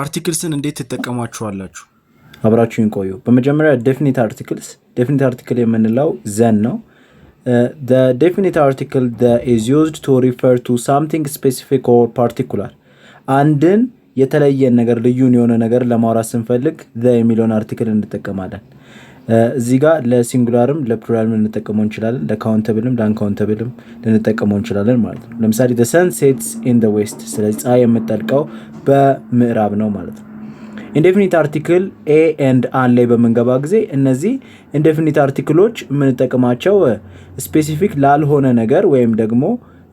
አርቲክልስን እንዴት ትጠቀሟችኋላችሁ? አብራችሁን ቆዩ። በመጀመሪያ ዴፊኒት አርቲክልስ ዴፊኒት አርቲክል የምንለው ዘን ነው። ዴፊኒት አርቲክል ኢዝ ዩዝድ ቱ ሪፈር ቱ ሳምቲንግ ስፔሲፊክ ኦር ፓርቲኩላር አንድን የተለየን ነገር ልዩን የሆነ ነገር ለማውራት ስንፈልግ ዘ የሚለውን አርቲክል እንጠቀማለን። እዚህ ጋር ለሲንጉላርም ለፕሉራልም ልንጠቀመው እንችላለን። ለካውንተብልም ለአንካውንተብልም ልንጠቀመው እንችላለን ማለት ነው። ለምሳሌ ሰን ሴትስ ኢን ዌስት፣ ስለዚህ ፀሐይ የምጠልቀው በምዕራብ ነው ማለት ነው። ኢንዴፊኒት አርቲክል ኤ ኤንድ አን ላይ በምንገባ ጊዜ እነዚህ ኢንዴፊኒት አርቲክሎች የምንጠቅማቸው ስፔሲፊክ ላልሆነ ነገር ወይም ደግሞ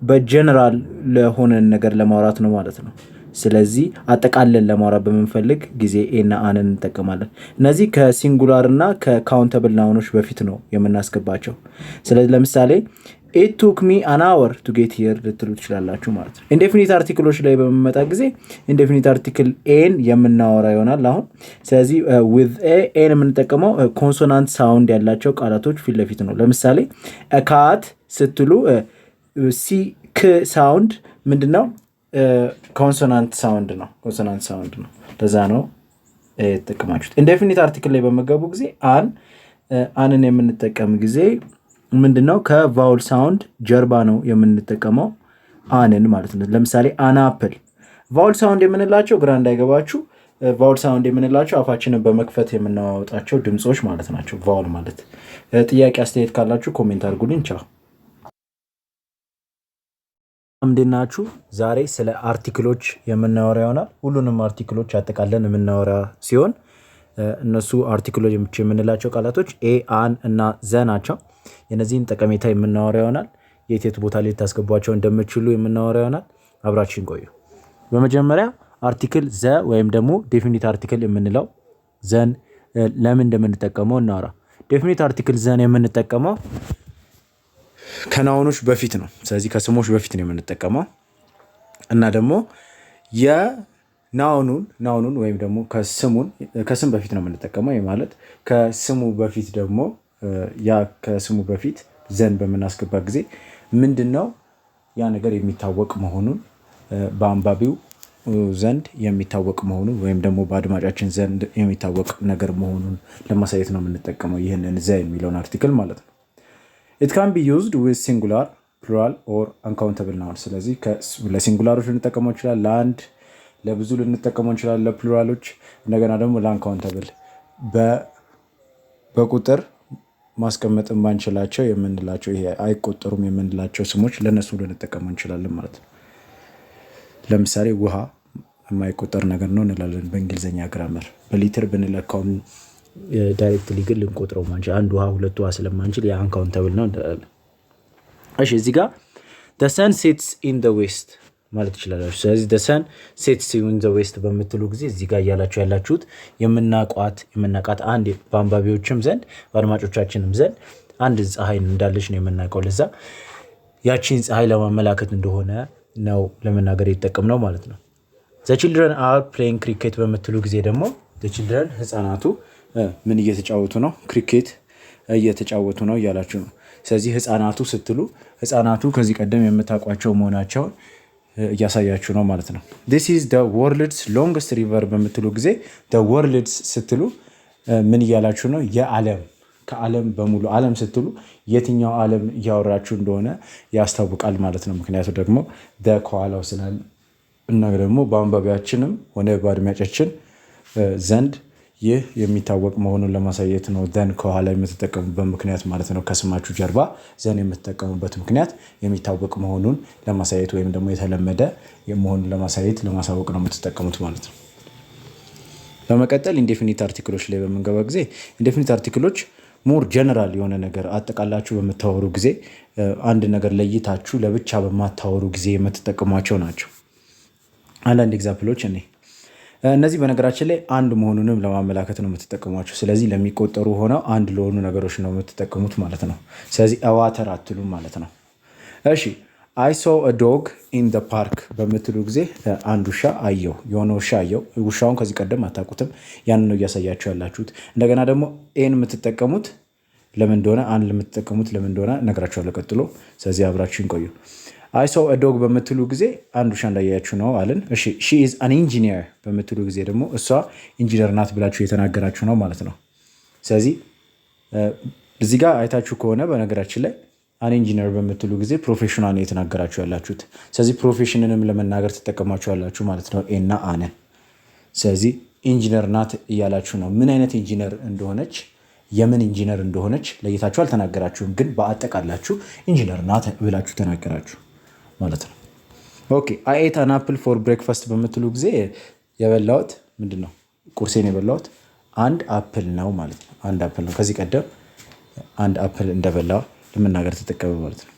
በጀነራል ለሆነ ነገር ለማውራት ነው ማለት ነው። ስለዚህ አጠቃለን ለማውራት በምንፈልግ ጊዜ ኤና አንን እንጠቀማለን። እነዚህ ከሲንጉላር እና ከካውንተብል ናውኖች በፊት ነው የምናስገባቸው። ስለዚህ ለምሳሌ ኢት ቱክ ሚ አን አወር ቱ ጌት ሂር ልትሉ ትችላላችሁ ማለት ነው። ኢንዴፊኒት አርቲክሎች ላይ በምመጣ ጊዜ ኢንዴፊኒት አርቲክል ኤን የምናወራ ይሆናል አሁን። ስለዚህ ዊዝ uh, ኤን የምንጠቀመው ኮንሶናንት uh, ሳውንድ ያላቸው ቃላቶች ፊት ለፊት ነው። ለምሳሌ ካት ስትሉ ሲ ክ ሳውንድ ምንድን ነው? ኮንሶናንት ሳውንድ ነው። ኮንሶናንት ሳውንድ ነው። ለዛ ነው uh, የተጠቀማችሁት። ኢንዴፊኒት አርቲክል ላይ በመገቡ ጊዜ አን አንን የምንጠቀም ጊዜ ምንድን ነው ከቫውል ሳውንድ ጀርባ ነው የምንጠቀመው አንን ማለት ነው። ለምሳሌ አናፕል ቫውል ሳውንድ የምንላቸው ግራ እንዳይገባችሁ፣ ቫውል ሳውንድ የምንላቸው አፋችንን በመክፈት የምናወጣቸው ድምፆች ማለት ናቸው። ቫውል ማለት ጥያቄ አስተያየት ካላችሁ ኮሜንት አድርጉልኝ። ቻው እምድናችሁ ዛሬ ስለ አርቲክሎች የምናወራ ይሆናል። ሁሉንም አርቲክሎች አጠቃለን የምናወራ ሲሆን እነሱ አርቲክሎች የምንላቸው ቃላቶች ኤ፣ አን እና ዘ ናቸው። የነዚህን ጠቀሜታ የምናወራ ይሆናል። የት የት ቦታ ላይ ልታስገቧቸው እንደምችሉ የምናወራ ይሆናል። አብራችን ቆዩ። በመጀመሪያ አርቲክል ዘ ወይም ደግሞ ዴፊኒት አርቲክል የምንለው ዘን ለምን እንደምንጠቀመው እናወራ። ዴፊኒት አርቲክል ዘን የምንጠቀመው ከናውኖች በፊት ነው። ስለዚህ ከስሞች በፊት ነው የምንጠቀመው እና ደግሞ የናውኑን ናውኑን ወይም ደግሞ ከስሙን ከስም በፊት ነው የምንጠቀመው። ይህ ማለት ከስሙ በፊት ደግሞ ያ ከስሙ በፊት ዘን በምናስገባ ጊዜ ምንድን ነው ያ ነገር የሚታወቅ መሆኑን በአንባቢው ዘንድ የሚታወቅ መሆኑን ወይም ደግሞ በአድማጫችን ዘንድ የሚታወቅ ነገር መሆኑን ለማሳየት ነው የምንጠቀመው ይህንን ዘ የሚለውን አርቲክል ማለት ነው። ኢት ካን ቢ ዩዝድ ዊዝ ሲንጉላር ፕሉራል ኦር አንካውንተብል ናውን። ስለዚህ ለሲንጉላሮች ልንጠቀመው እንችላለን፣ ለአንድ ለብዙ ልንጠቀመው እንችላለን፣ ለፕሉራሎች እንደገና ደግሞ ለአንካውንተብል በቁጥር ማስቀመጥ ማንችላቸው የምንላቸው ይሄ አይቆጠሩም የምንላቸው ስሞች ለእነሱ ልንጠቀመው እንችላለን ማለት ነው። ለምሳሌ ውሃ የማይቆጠር ነገር ነው እንላለን በእንግሊዝኛ ግራመር። በሊትር ብንለካውም ዳይሬክትሊ ግን ልንቆጥረው ማንችል አንድ ውሃ ሁለት ውሃ ስለማንችል የአንካውንተብል ነው እንላለን። እሺ እዚህ ጋር ሰን ሴትስ ኢን ዌስት ማለት ትችላላችሁ። ስለዚህ ደሰን ሴት ሲዩን ዘ ዌስት በምትሉ ጊዜ እዚህ ጋር እያላችሁ ያላችሁት የምናቋት የምናቃት አንድ በአንባቢዎችም ዘንድ በአድማጮቻችንም ዘንድ አንድ ፀሐይ እንዳለች ነው የምናውቀው። ለዛ ያቺን ፀሐይ ለማመላከት እንደሆነ ነው ለመናገር የተጠቀም ነው ማለት ነው። ዘ ችልድረን አር ፕሌይንግ ክሪኬት በምትሉ ጊዜ ደግሞ ዘ ችልድረን ህፃናቱ ምን እየተጫወቱ ነው? ክሪኬት እየተጫወቱ ነው እያላችሁ ነው። ስለዚህ ህፃናቱ ስትሉ ህፃናቱ ከዚህ ቀደም የምታውቋቸው መሆናቸውን እያሳያችሁ ነው ማለት ነው። ዲስ ኢዝ ደ ወርልድስ ሎንግስት ሪቨር በምትሉ ጊዜ ደ ወርልድስ ስትሉ ምን እያላችሁ ነው? የዓለም ከዓለም በሙሉ ዓለም ስትሉ የትኛው ዓለም እያወራችሁ እንደሆነ ያስታውቃል ማለት ነው። ምክንያቱ ደግሞ ደ ከኋላው ስላል እና ደግሞ በአንባቢያችንም ሆነ በአድማጫችን ዘንድ ይህ የሚታወቅ መሆኑን ለማሳየት ነው። ዘን ከኋላ የምትጠቀሙበት ምክንያት ማለት ነው። ከስማችሁ ጀርባ ዘን የምትጠቀሙበት ምክንያት የሚታወቅ መሆኑን ለማሳየት ወይም ደግሞ የተለመደ መሆኑን ለማሳየት ለማሳወቅ ነው የምትጠቀሙት ማለት ነው። በመቀጠል ኢንዴፊኒት አርቲክሎች ላይ በምንገባ ጊዜ ኢንዴፊኒት አርቲክሎች ሞር ጀነራል የሆነ ነገር አጠቃላችሁ በምታወሩ ጊዜ አንድ ነገር ለይታችሁ ለብቻ በማታወሩ ጊዜ የምትጠቀሟቸው ናቸው። አንዳንድ ኤግዛምፕሎች እኔ እነዚህ በነገራችን ላይ አንድ መሆኑንም ለማመላከት ነው የምትጠቀሟቸው። ስለዚህ ለሚቆጠሩ ሆነው አንድ ለሆኑ ነገሮች ነው የምትጠቀሙት ማለት ነው። ስለዚህ አዋተር አትሉም ማለት ነው። እሺ አይ ሶ ዶግ ኢን ደ ፓርክ በምትሉ ጊዜ አንድ ውሻ አየው፣ የሆነ ውሻ አየው። ውሻውን ከዚህ ቀደም አታውቁትም፣ ያን ነው እያሳያችሁ ያላችሁት። እንደገና ደግሞ ኤን የምትጠቀሙት ለምን እንደሆነ፣ አንድ ለምትጠቀሙት ለምን እንደሆነ ቀጥሎ። ስለዚህ አብራችሁን ቆዩ። አይ ሰው ዶግ በምትሉ ጊዜ አንድ ውሻ እንዳያችሁ ነው አለን። እሺ ሺ ኢዝ አን ኢንጂኒየር በምትሉ ጊዜ ደግሞ እሷ ኢንጂነር ናት ብላችሁ የተናገራችሁ ነው ማለት ነው። ስለዚህ እዚህ ጋር አይታችሁ ከሆነ በነገራችን ላይ አን ኢንጂነር በምትሉ ጊዜ ነው የተናገራችሁ ያላችሁት። ስለዚህ ፕሮፌሽንንም ለመናገር ትጠቀማችሁ ያላችሁ ማለት ነው ኤና አነ። ስለዚህ ኢንጂነር ናት እያላችሁ ነው። ምን አይነት ኢንጂነር እንደሆነች የምን ኢንጂነር እንደሆነች ለይታችሁ አልተናገራችሁም፣ ግን በአጠቃላችሁ ኢንጂነር ናት ብላችሁ ተናገራችሁ። ማለት ነው። ኦኬ አይ ኤት አን አፕል ፎር ብሬክፋስት በምትሉ ጊዜ የበላሁት ምንድን ነው? ቁርሴን የበላሁት አንድ አፕል ነው ማለት ነው። አንድ አፕል ነው። ከዚህ ቀደም አንድ አፕል እንደበላ ለመናገር ተጠቀመ ማለት ነው።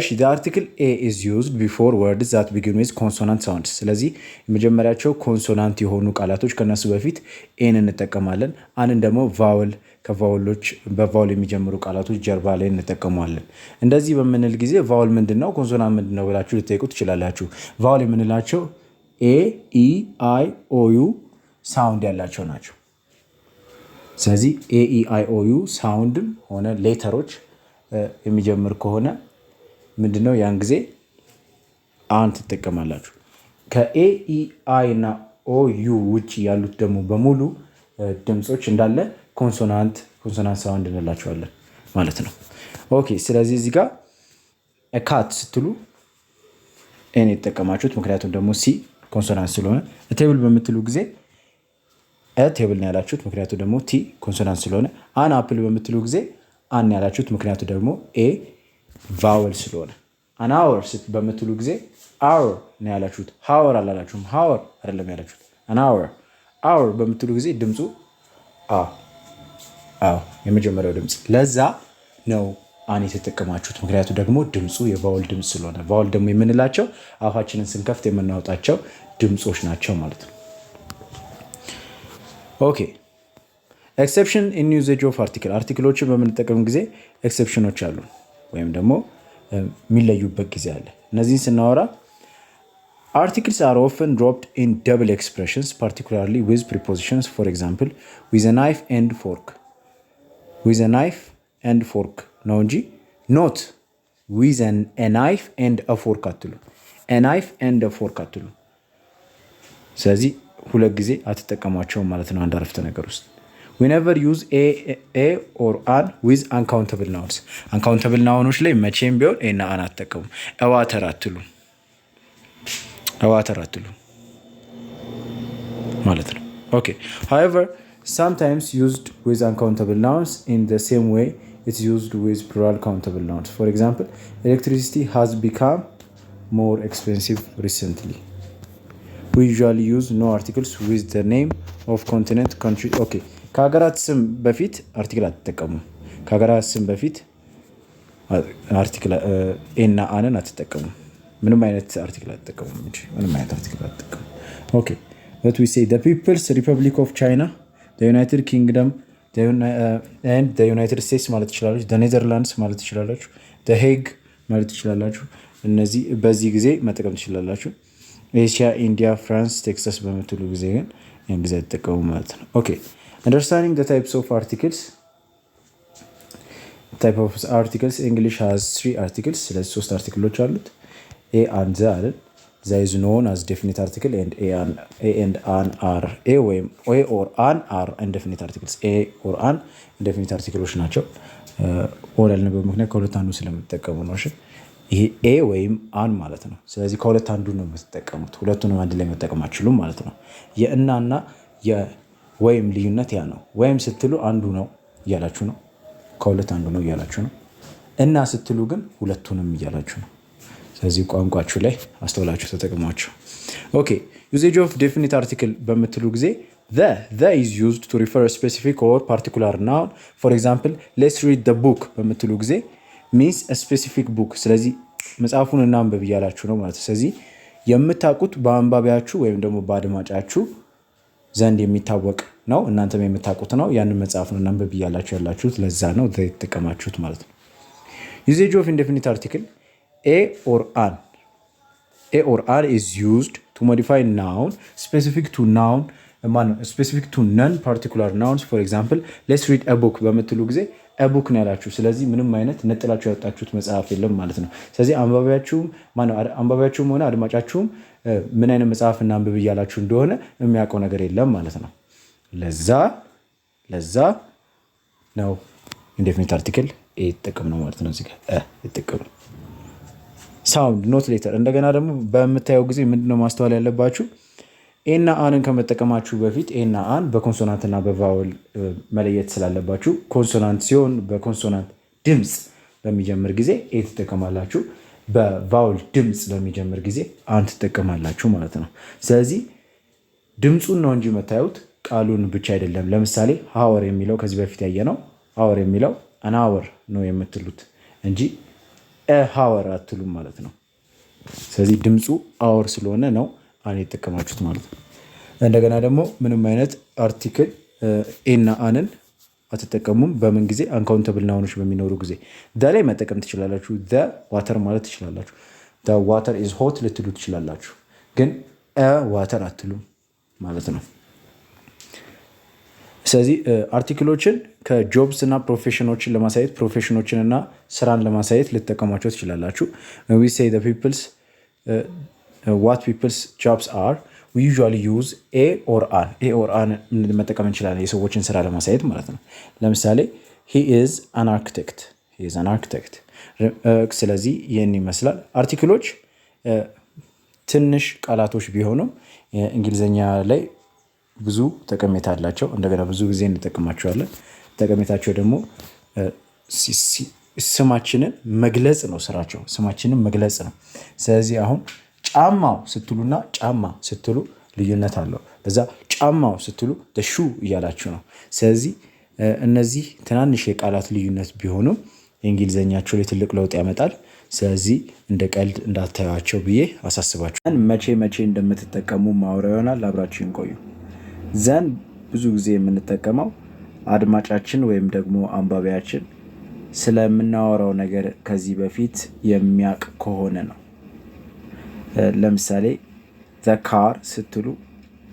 እሺ አርቲክል ኤ ኢዝ ዩዝድ ቢፎር ወርድስ ዛት ቢግን ዊዝ ኮንሶናንት ሳውንድስ። ስለዚህ የመጀመሪያቸው ኮንሶናንት የሆኑ ቃላቶች ከነሱ በፊት ኤን እንጠቀማለን። አንድን ደግሞ ቫውል ከቫውሎች በቫውል የሚጀምሩ ቃላቶች ጀርባ ላይ እንጠቀመዋለን። እንደዚህ በምንል ጊዜ ቫውል ምንድነው ነው፣ ኮንሶናንት ብላችሁ ልጠይቁ ትችላላችሁ። ቫውል የምንላቸው ኤ ኢ አይ ኦ ዩ ሳውንድ ያላቸው ናቸው። ስለዚህ ኤ ኢ አይ ኦ ዩ ሳውንድም ሆነ ሌተሮች የሚጀምር ከሆነ ምንድነው ያን ጊዜ አን ትጠቀማላችሁ። ከኤ ኢ አይ እና ኦ ዩ ውጭ ያሉት ደግሞ በሙሉ ድምፆች እንዳለ ኮንሶናንት ኮንሶናንት ሳውንድ እንላቸዋለን ማለት ነው። ኦኬ ስለዚህ እዚህ ጋር ካት ስትሉ ኤን የተጠቀማችሁት ምክንያቱም ደግሞ ሲ ኮንሶናንት ስለሆነ ቴብል በምትሉ ጊዜ ቴብል ነው ያላችሁት ምክንያቱም ደግሞ ቲ ኮንሶናንት ስለሆነ፣ አን አፕል በምትሉ ጊዜ አን ያላችሁት ምክንያቱ ደግሞ ኤ ቫወል ስለሆነ፣ አን አወር በምትሉ ጊዜ አወር ነው ያላችሁት። ሀወር አላላችሁም፣ ሀወር አይደለም ያላችሁት። አን አወር አወር በምትሉ ጊዜ ድምፁ አ አዎ የመጀመሪያው ድምፅ ለዛ ነው አን የተጠቀማችሁት። ምክንያቱ ደግሞ ድምፁ የቫውል ድምፅ ስለሆነ ቫውል ደግሞ የምንላቸው አፋችንን ስንከፍት የምናወጣቸው ድምፆች ናቸው ማለት ነው። ኦኬ ኤክሰፕሽን ኢን ዩዜጅ ኦፍ አርቲክል አርቲክሎችን በምንጠቀም ጊዜ ኤክሰፕሽኖች አሉ ወይም ደግሞ የሚለዩበት ጊዜ አለ። እነዚህን ስናወራ አርቲክልስ አር ኦፍን ድሮፕድ ኢን ደብል ኤክስፕሬሽንስ ፓርቲኩላርሊ ዊዝ ፕሪፖዚሽንስ ፎር ኤግዛምፕል ዊዝ ናይፍ ኤንድ ፎርክ ዊዝ ናይፍ ኤንድ ፎርክ ነው እንጂ ኖት ዊዝ ናይፍ ኤንድ ፎርክ አትሉ። ናይፍ ኤንድ ፎርክ አትሉ። ስለዚህ ሁለት ጊዜ አትጠቀሟቸውም ማለት ነው አንድ አረፍተ ነገር ውስጥ። ዊነቨር ዩዝ ኤ ኦር አን ዊዝ አንካውንተብል ናውንስ። አንካውንተብል ናውኖች ላይ መቼም ቢሆን ኤና አን አትጠቀሙም። እዋተር አትሉ እዋተር አትሉ ማለት ነው። ኦኬ ሃቨር sometimes used with uncountable nouns in the same way it's used with plural countable nouns. For example, electricity has become more expensive recently. We usually use no articles with the name of continent, country. Okay. ከሀገራት ስም በፊት አርቲክል አትጠቀሙም። ከሀገራት ስም በፊት አርቲክል uh, uh, ኤና አንን አትጠቀሙም። ምንም አይነት አርቲክል አትጠቀሙም እንጂ ምንም አይነት አርቲክል Okay, but we say the People's Republic of China. ዩናይትድ ኪንግደም ዩናይትድ ስቴትስ ማለት ትችላለች፣ ኔዘርላንድስ ማለት ትችላላችሁ፣ ሄግ ማለት ትችላላችሁ። እነዚህ በዚህ ጊዜ መጠቀም ትችላላችሁ። ኤሽያ፣ ኢንዲያ፣ ፍራንስ፣ ቴክሳስ በምትሉ ጊዜ ግን ያን ጊዜ ተጠቀሙ ማለት ነው። ኦኬ አንደርስታንዲንግ ታይፕስ ኦፍ አርቲክልስ ታይፕ ኦፍ አርቲክልስ እንግሊሽ ሃዝ ትሪ አርቲክልስ። ስለዚህ ሶስት አርቲክሎች አሉት። ኤ አንድ ዘ አለን there is known as definite article and a and, ወይም a or an are indefinite articles a or an indefinite አርቲክሎች ናቸው። ኦር ያልንበት ምክንያት ከሁለት አንዱ ስለምትጠቀሙ ነው። እሺ ይሄ ኤ ወይም አን ማለት ነው። ስለዚህ ከሁለት አንዱ ነው የምትጠቀሙት፣ ሁለቱንም አንድ ላይ መጠቀም አችሉም ማለት ነው። የእናና የወይም ልዩነት ያ ነው። ወይም ስትሉ አንዱ ነው እያላችሁ ነው፣ ከሁለት አንዱ ነው እያላችሁ ነው። እና ስትሉ ግን ሁለቱንም እያላችሁ ነው። ስለዚህ ቋንቋችሁ ላይ አስተውላችሁ ተጠቅሟቸው። ኦኬ ዩዜጅ ኦፍ ዴፊኒት አርቲክል በምትሉ ጊዜ ኢዝ ዩዝድ ቱ ሪፈር ስፔሲፊክ ኦር ፓርቲኩላር ናውን። ፎር ኤግዛምፕል ሌትስ ሪድ ደ ቡክ በምትሉ ጊዜ ሚንስ ስፔሲፊክ ቡክ። ስለዚህ መጽሐፉን እናንብብ እያላችሁ ነው ማለት። ስለዚህ የምታውቁት በአንባቢያችሁ ወይም ደግሞ በአድማጫችሁ ዘንድ የሚታወቅ ነው፣ እናንተም የምታውቁት ነው። ያንን መጽሐፉን ነው እናንብብ እያላችሁ ያላችሁት፣ ለዛ ነው የተጠቀማችሁት ማለት ነው። ዩዜጅ ኦፍ ኢንዴፊኒት አርቲክል a or an. A or an is used to modify noun specific to noun ስፔሲፊክ ቱ ነን ፓርቲኩላር ናውንስ ፎር ኤግዛምፕል ሌስ ሪድ ቡክ በምትሉ ጊዜ ቡክ ነው ያላችሁ። ስለዚህ ምንም አይነት ነጥላችሁ ያወጣችሁት መጽሐፍ የለም ማለት ነው። ስለዚህ አንባቢያችሁም ሆነ አድማጫችሁም ምን አይነት መጽሐፍ እና አንብብ እያላችሁ እንደሆነ የሚያውቀው ነገር የለም ማለት ነው። ለዛ ለዛ ነው ኢንዴፊኒት አርቲክል ይጠቅም ነው ማለት ነው። እዚህ ጋ ይጠቅም ነው ሳውንድ ኖት ሌተር። እንደገና ደግሞ በምታየው ጊዜ ምንድነው ማስተዋል ያለባችሁ ኤና አንን ከመጠቀማችሁ በፊት ኤና አን በኮንሶናንትና በቫውል መለየት ስላለባችሁ ኮንሶናንት ሲሆን በኮንሶናንት ድምፅ በሚጀምር ጊዜ ኤ ትጠቀማላችሁ፣ በቫውል ድምፅ በሚጀምር ጊዜ አን ትጠቀማላችሁ ማለት ነው። ስለዚህ ድምፁን ነው እንጂ የምታዩት ቃሉን ብቻ አይደለም። ለምሳሌ ሀወር የሚለው ከዚህ በፊት ያየ ነው። ሀወር የሚለው አናወር ነው የምትሉት እንጂ ሐወር አትሉም ማለት ነው። ስለዚህ ድምፁ አወር ስለሆነ ነው አን የተጠቀማችሁት ማለት ነው። እንደገና ደግሞ ምንም አይነት አርቲክል ኤና አንን አትጠቀሙም። በምን ጊዜ አንካውንተብል ናውኖች በሚኖሩ ጊዜ ላይ መጠቀም ትችላላችሁ። ዋተር ማለት ትችላላችሁ። ዋተር ኢዝ ሆት ልትሉ ትችላላችሁ። ግን ዋተር አትሉም ማለት ነው። ስለዚህ አርቲክሎችን ከጆብስ እና ፕሮፌሽኖችን ለማሳየት ፕሮፌሽኖችን እና ስራን ለማሳየት ልጠቀሟቸው ትችላላችሁ። ዋት ፒፕልስ ጆብስ አር ዊ ዩዥዋሊ ዩዝ ኤ ኦር አን ኤ ኦር አን መጠቀም እንችላለን፣ የሰዎችን ስራ ለማሳየት ማለት ነው። ለምሳሌ ሂ ኢዝ አን አርክቴክት ሂ ኢዝ አን አርክቴክት። ስለዚህ ይህን ይመስላል አርቲክሎች ትንሽ ቃላቶች ቢሆኑም እንግሊዝኛ ላይ ብዙ ጠቀሜታ አላቸው። እንደገና ብዙ ጊዜ እንጠቀማቸዋለን። ጠቀሜታቸው ደግሞ ስማችንን መግለጽ ነው ስራቸው፣ ስማችንን መግለጽ ነው። ስለዚህ አሁን ጫማው ስትሉና ጫማ ስትሉ ልዩነት አለው። በዛ ጫማው ስትሉ ሹ እያላችሁ ነው። ስለዚህ እነዚህ ትናንሽ የቃላት ልዩነት ቢሆኑም የእንግሊዝኛቸው ላይ ትልቅ ለውጥ ያመጣል። ስለዚህ እንደ ቀልድ እንዳታዩቸው ብዬ አሳስባችሁ መቼ መቼ እንደምትጠቀሙ ማውራ ይሆናል። አብራችሁን ቆዩ። ዘንድ ብዙ ጊዜ የምንጠቀመው አድማጫችን ወይም ደግሞ አንባቢያችን ስለምናወራው ነገር ከዚህ በፊት የሚያውቅ ከሆነ ነው። ለምሳሌ ዘካር ስትሉ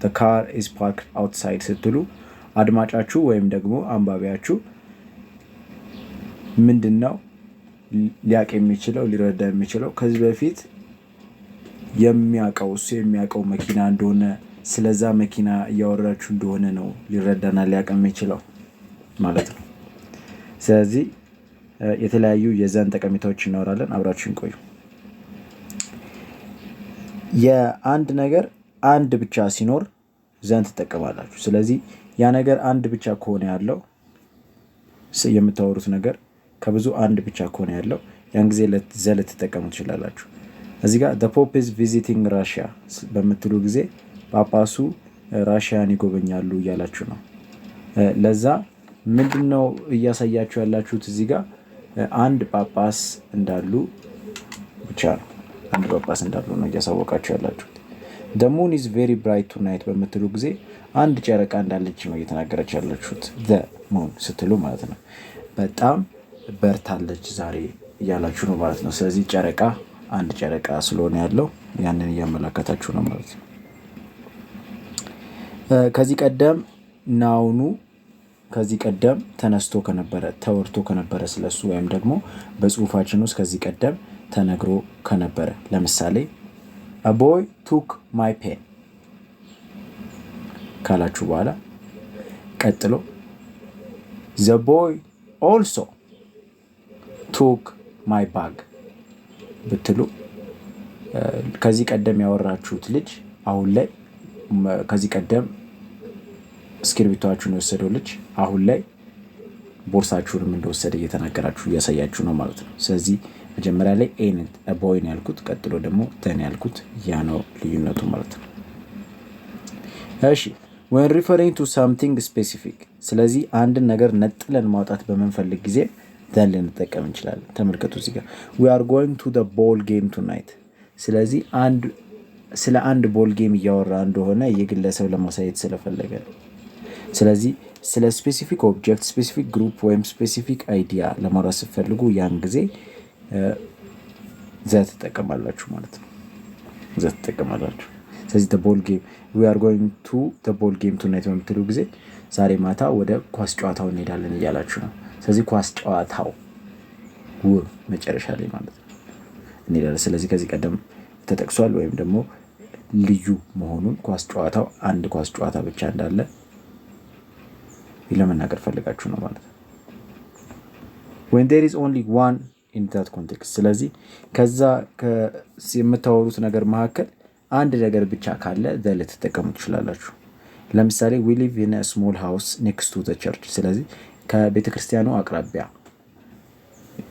ዘካር ኢዝ ፓርክ አውትሳይድ ስትሉ አድማጫችሁ ወይም ደግሞ አንባቢያችሁ ምንድን ነው የሚችለው ሊረዳ የሚችለው ከዚህ በፊት የሚያውቀው እሱ የሚያውቀው መኪና እንደሆነ ስለዛ መኪና እያወራችሁ እንደሆነ ነው ሊረዳና ሊያቀም ይችለው ማለት ነው። ስለዚህ የተለያዩ የዛን ጠቀሜታዎች እናወራለን። አብራችን ቆዩ። የአንድ ነገር አንድ ብቻ ሲኖር ዘን ትጠቀማላችሁ። ስለዚህ ያ ነገር አንድ ብቻ ከሆነ ያለው የምታወሩት ነገር ከብዙ አንድ ብቻ ከሆነ ያለው ያን ጊዜ ዘ ልትጠቀሙ ትችላላችሁ። እዚህ ጋር ፖፕ ኢዝ ቪዚቲንግ ራሽያ በምትሉ ጊዜ ጳጳሱ ራሽያን ይጎበኛሉ እያላችሁ ነው። ለዛ ምንድን ነው እያሳያችሁ ያላችሁት? እዚህ ጋር አንድ ጳጳስ እንዳሉ ብቻ ነው። አንድ ጳጳስ እንዳሉ ነው እያሳወቃችሁ ያላችሁት። ደሙን ኢዝ ቬሪ ብራይት ቱናይት በምትሉ ጊዜ አንድ ጨረቃ እንዳለች ነው እየተናገረች ያላችሁት። ሙን ስትሉ ማለት ነው። በጣም በርታለች ዛሬ እያላችሁ ነው ማለት ነው። ስለዚህ ጨረቃ አንድ ጨረቃ ስለሆነ ያለው ያንን እያመላከታችሁ ነው ማለት ነው። ከዚህ ቀደም ናውኑ ከዚህ ቀደም ተነስቶ ከነበረ ተወርቶ ከነበረ ስለሱ ወይም ደግሞ በጽሁፋችን ውስጥ ከዚህ ቀደም ተነግሮ ከነበረ ለምሳሌ አቦይ ቱክ ማይ ፔን ካላችሁ በኋላ ቀጥሎ ዘ ቦይ ኦልሶ ቱክ ማይ ባግ ብትሉ ከዚህ ቀደም ያወራችሁት ልጅ አሁን ላይ ከዚህ ቀደም እስክርቢቶችሁን የወሰደው ልጅ አሁን ላይ ቦርሳችሁንም እንደወሰደ እየተናገራችሁ እያሳያችሁ ነው ማለት ነው። ስለዚህ መጀመሪያ ላይ ኤን ቦይን ያልኩት፣ ቀጥሎ ደግሞ ተን ያልኩት ያ ነው ልዩነቱ ማለት ነው። እሺ ወን ሪፈሪንግ ቱ ሳምቲንግ ስፔሲፊክ። ስለዚህ አንድን ነገር ነጥለን ማውጣት በምንፈልግ ጊዜ ተን ልንጠቀም እንችላለን። ተመልከቱ እዚህ ጋር ዊ አር ጎይንግ ቱ ቦል ጌም ቱ ናይት። ስለዚህ አንድ ስለ አንድ ቦል ጌም እያወራ እንደሆነ የግለሰብ ለማሳየት ስለፈለገ ነው። ስለዚህ ስለ ስፔሲፊክ ኦብጀክት፣ ስፔሲፊክ ግሩፕ ወይም ስፔሲፊክ አይዲያ ለማውራት ስትፈልጉ ያን ጊዜ ዘ ትጠቀማላችሁ ማለት ነው። ዘ ትጠቀማላችሁ። ስለዚህ ቦል ጌም ዊ አር ጎይንግ ቱ ቦል ጌም ቱ ናይት በምትሉ ጊዜ ዛሬ ማታ ወደ ኳስ ጨዋታው እንሄዳለን እያላችሁ ነው። ስለዚህ ኳስ ጨዋታው ው መጨረሻ ላይ ማለት ነው እንሄዳለን። ስለዚህ ከዚህ ቀደም ተጠቅሷል ወይም ደግሞ ልዩ መሆኑን ኳስ ጨዋታው አንድ ኳስ ጨዋታ ብቻ እንዳለ ለመናገር ፈልጋችሁ ነው ማለት ነው። ዌን ዴር ኢዝ ኦንሊ ዋን ኢን ዛት ኮንቴክስት። ስለዚህ ከዛ የምታወሩት ነገር መካከል አንድ ነገር ብቻ ካለ ዘ ልትጠቀሙ ትችላላችሁ። ለምሳሌ ዊ ሊቭ ኢን ስሞል ሃውስ ኔክስት ቱ ዘ ቸርች። ስለዚህ ከቤተ ክርስቲያኑ አቅራቢያ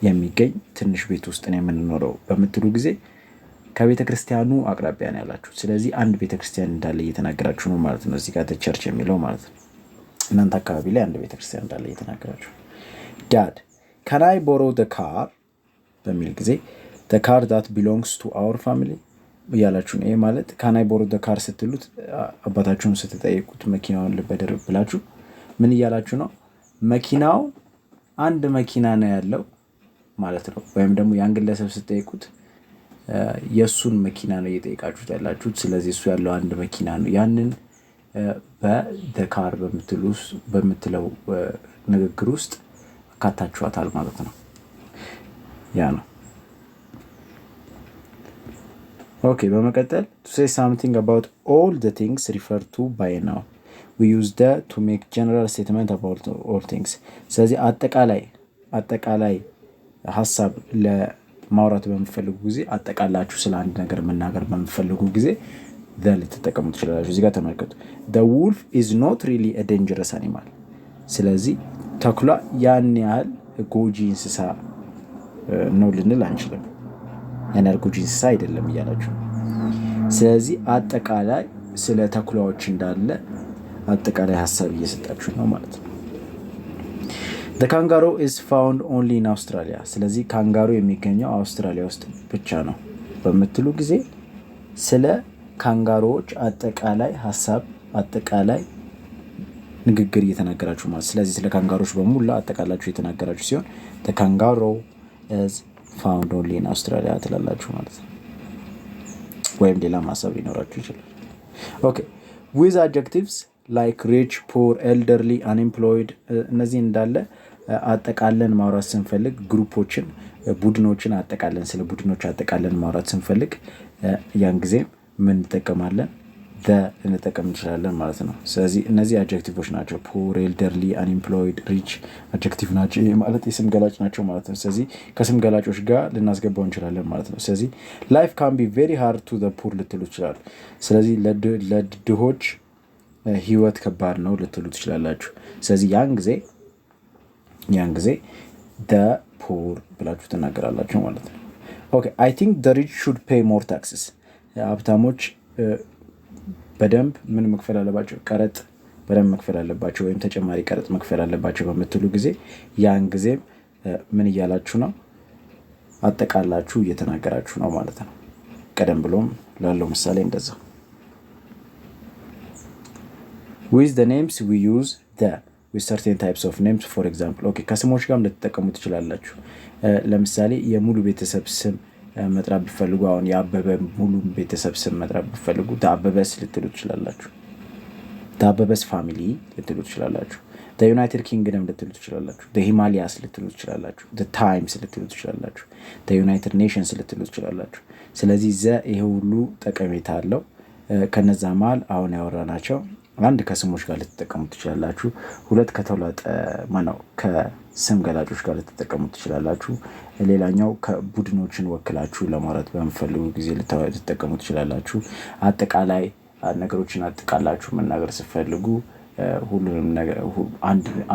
የሚገኝ ትንሽ ቤት ውስጥ ነው የምንኖረው በምትሉ ጊዜ ከቤተ ክርስቲያኑ አቅራቢያ ነው ያላችሁ። ስለዚህ አንድ ቤተ ክርስቲያን እንዳለ እየተናገራችሁ ነው ማለት ነው። እዚህ ጋር ቸርች የሚለው ማለት ነው። እናንተ አካባቢ ላይ አንድ ቤተ ክርስቲያን እንዳለ እየተናገራችሁ ዳድ ከናይ ቦሮ ካር በሚል ጊዜ ካር ዳት ቢሎንግስ ቱ አወር ፋሚሊ እያላችሁ ነው። ይ ማለት ከናይ ቦሮ ደካር ስትሉት አባታችሁን ስትጠይቁት መኪናውን ልበደር ብላችሁ ምን እያላችሁ ነው? መኪናው አንድ መኪና ነው ያለው ማለት ነው። ወይም ደግሞ ያን ግለሰብ ስትጠይቁት የእሱን መኪና ነው እየጠየቃችሁት ያላችሁት። ስለዚህ እሱ ያለው አንድ መኪና ነው። ያንን በደካር በምትለው ንግግር ውስጥ አካታችኋታል ማለት ነው። ያ ነው። ኦኬ በመቀጠል ቱ ሴይ ሳምቲንግ አባውት ኦል ዘ ቲንግስ ሪፈር ቱ ባይ ናው ዊ ዩዝ ደ ቱ ሜክ ጀነራል ስቴትመንት አባውት ኦል ቲንግስ። ስለዚህ አጠቃላይ አጠቃላይ ሀሳብ ማውራት በምፈልጉ ጊዜ አጠቃላችሁ ስለ አንድ ነገር መናገር በምፈልጉ ጊዜ ዘን ልትጠቀሙ ትችላላችሁ። እዚህ ጋር ተመልከቱ። ውልፍ ኢዝ ኖት ሪሊ ዴንጀረስ አኒማል። ስለዚህ ተኩላ ያን ያህል ጎጂ እንስሳ ነው ልንል አንችልም። ያን ያህል ጎጂ እንስሳ አይደለም እያላችሁ ስለዚህ አጠቃላይ ስለ ተኩላዎች እንዳለ አጠቃላይ ሀሳብ እየሰጣችሁ ነው ማለት ነው። ካንጋሮ ኢዝ ፋውንድ ኦንሊ ኢን አውስትራሊያ። ስለዚህ ካንጋሮ የሚገኘው አውስትራሊያ ውስጥ ብቻ ነው በምትሉ ጊዜ ስለ ካንጋሮዎች አጠቃላይ ሀሳብ አጠቃላይ ንግግር እየተናገራችሁ ማለት ስለዚህ ስለ ካንጋሮች በሙላ አጠቃላችሁ እየተናገራችሁ ሲሆን ካንጋሮ ኢዝ ፋውንድ ኦንሊ ኢን አውስትራሊያ ትላላችሁ ማለት ነው። ወይም ሌላ ሀሳብ ሊኖራችሁ ይችላል። ኦኬ ዊዝ አድጀክቲቭስ ላይክ ሪች፣ ፑር፣ ኤልደርሊ፣ አንኤምፕሎይድ እነዚህ እንዳለ አጠቃለን ማውራት ስንፈልግ ግሩፖችን፣ ቡድኖችን አጠቃለን ስለ ቡድኖች አጠቃለን ማውራት ስንፈልግ ያን ጊዜ ምን እንጠቀማለን? ልንጠቀም እንችላለን ማለት ነው። ስለዚህ እነዚህ አጀክቲቮች ናቸው። ፑር፣ ኤልደርሊ፣ አንኤምፕሎይድ፣ ሪች አጀክቲቭ ናቸው። ማለት የስም ገላጭ ናቸው ማለት ነው። ስለዚህ ከስም ገላጮች ጋር ልናስገባው እንችላለን ማለት ነው። ስለዚህ ላይፍ ካን ቢ ቬሪ ሃርድ ቱ ዘ ፑር ልትሉ ይችላሉ። ስለዚህ ለድሆች ህይወት ከባድ ነው ልትሉ ትችላላችሁ። ስለዚህ ያን ጊዜ ያን ጊዜ ደ ፑር ብላችሁ ትናገራላችሁ ማለት ነው። ኦኬ አይ ቲንክ ደ ሪች ሹድ ፔይ ሞር ታክስስ፣ ሀብታሞች በደንብ ምን መክፈል አለባቸው? ቀረጥ በደንብ መክፈል አለባቸው፣ ወይም ተጨማሪ ቀረጥ መክፈል አለባቸው በምትሉ ጊዜ ያን ጊዜም ምን እያላችሁ ነው? አጠቃላችሁ እየተናገራችሁ ነው ማለት ነው። ቀደም ብሎም ላለው ምሳሌ እንደዛ ዊዝ ደ ኔምስ ዊ ዩዝ ደ ሰርቴን ታይፕስ ኦፍ ኔምስ ፎር ኤግዛምፕል ኦኬ ከስሞች ጋርም ልትጠቀሙ ትችላላችሁ። ለምሳሌ የሙሉ ቤተሰብ ስም መጥራት ብፈልጉ አሁን የአበበ ሙሉ ቤተሰብ ስም መጥራት ብፈልጉ ተአበበስ ልትሉ ትችላላችሁ። ተአበበስ ፋሚሊ ልትሉ ትችላላችሁ። ዩናይትድ ኪንግደም ልትሉ ትችላላችሁ። ሂማሊያስ ልትሉ ትችላላችሁ። ታይምስ ልትሉ ትችላላችሁ። ዩናይትድ ኔሽንስ ልትሉ ትችላላችሁ። ስለዚህ ዘ ይሄ ሁሉ ጠቀሜታ አለው። ከነዛ መሀል አሁን ያወራ ናቸው። አንድ ከስሞች ጋር ልትጠቀሙ ትችላላችሁ። ሁለት ከተውለጠ ማነው ከስም ገላጮች ጋር ልትጠቀሙ ትችላላችሁ። ሌላኛው ከቡድኖችን ወክላችሁ ለማውራት በምፈልጉ ጊዜ ልትጠቀሙ ትችላላችሁ። አጠቃላይ ነገሮችን አጠቃላችሁ መናገር ስትፈልጉ ሁሉንም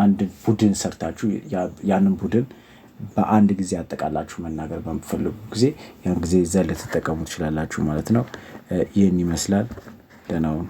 አንድ ቡድን ሰርታችሁ ያንን ቡድን በአንድ ጊዜ አጠቃላችሁ መናገር በምፈልጉ ጊዜ ያን ጊዜ ዘ ልትጠቀሙ ትችላላችሁ ማለት ነው። ይህን ይመስላል ደህና ሁኑ።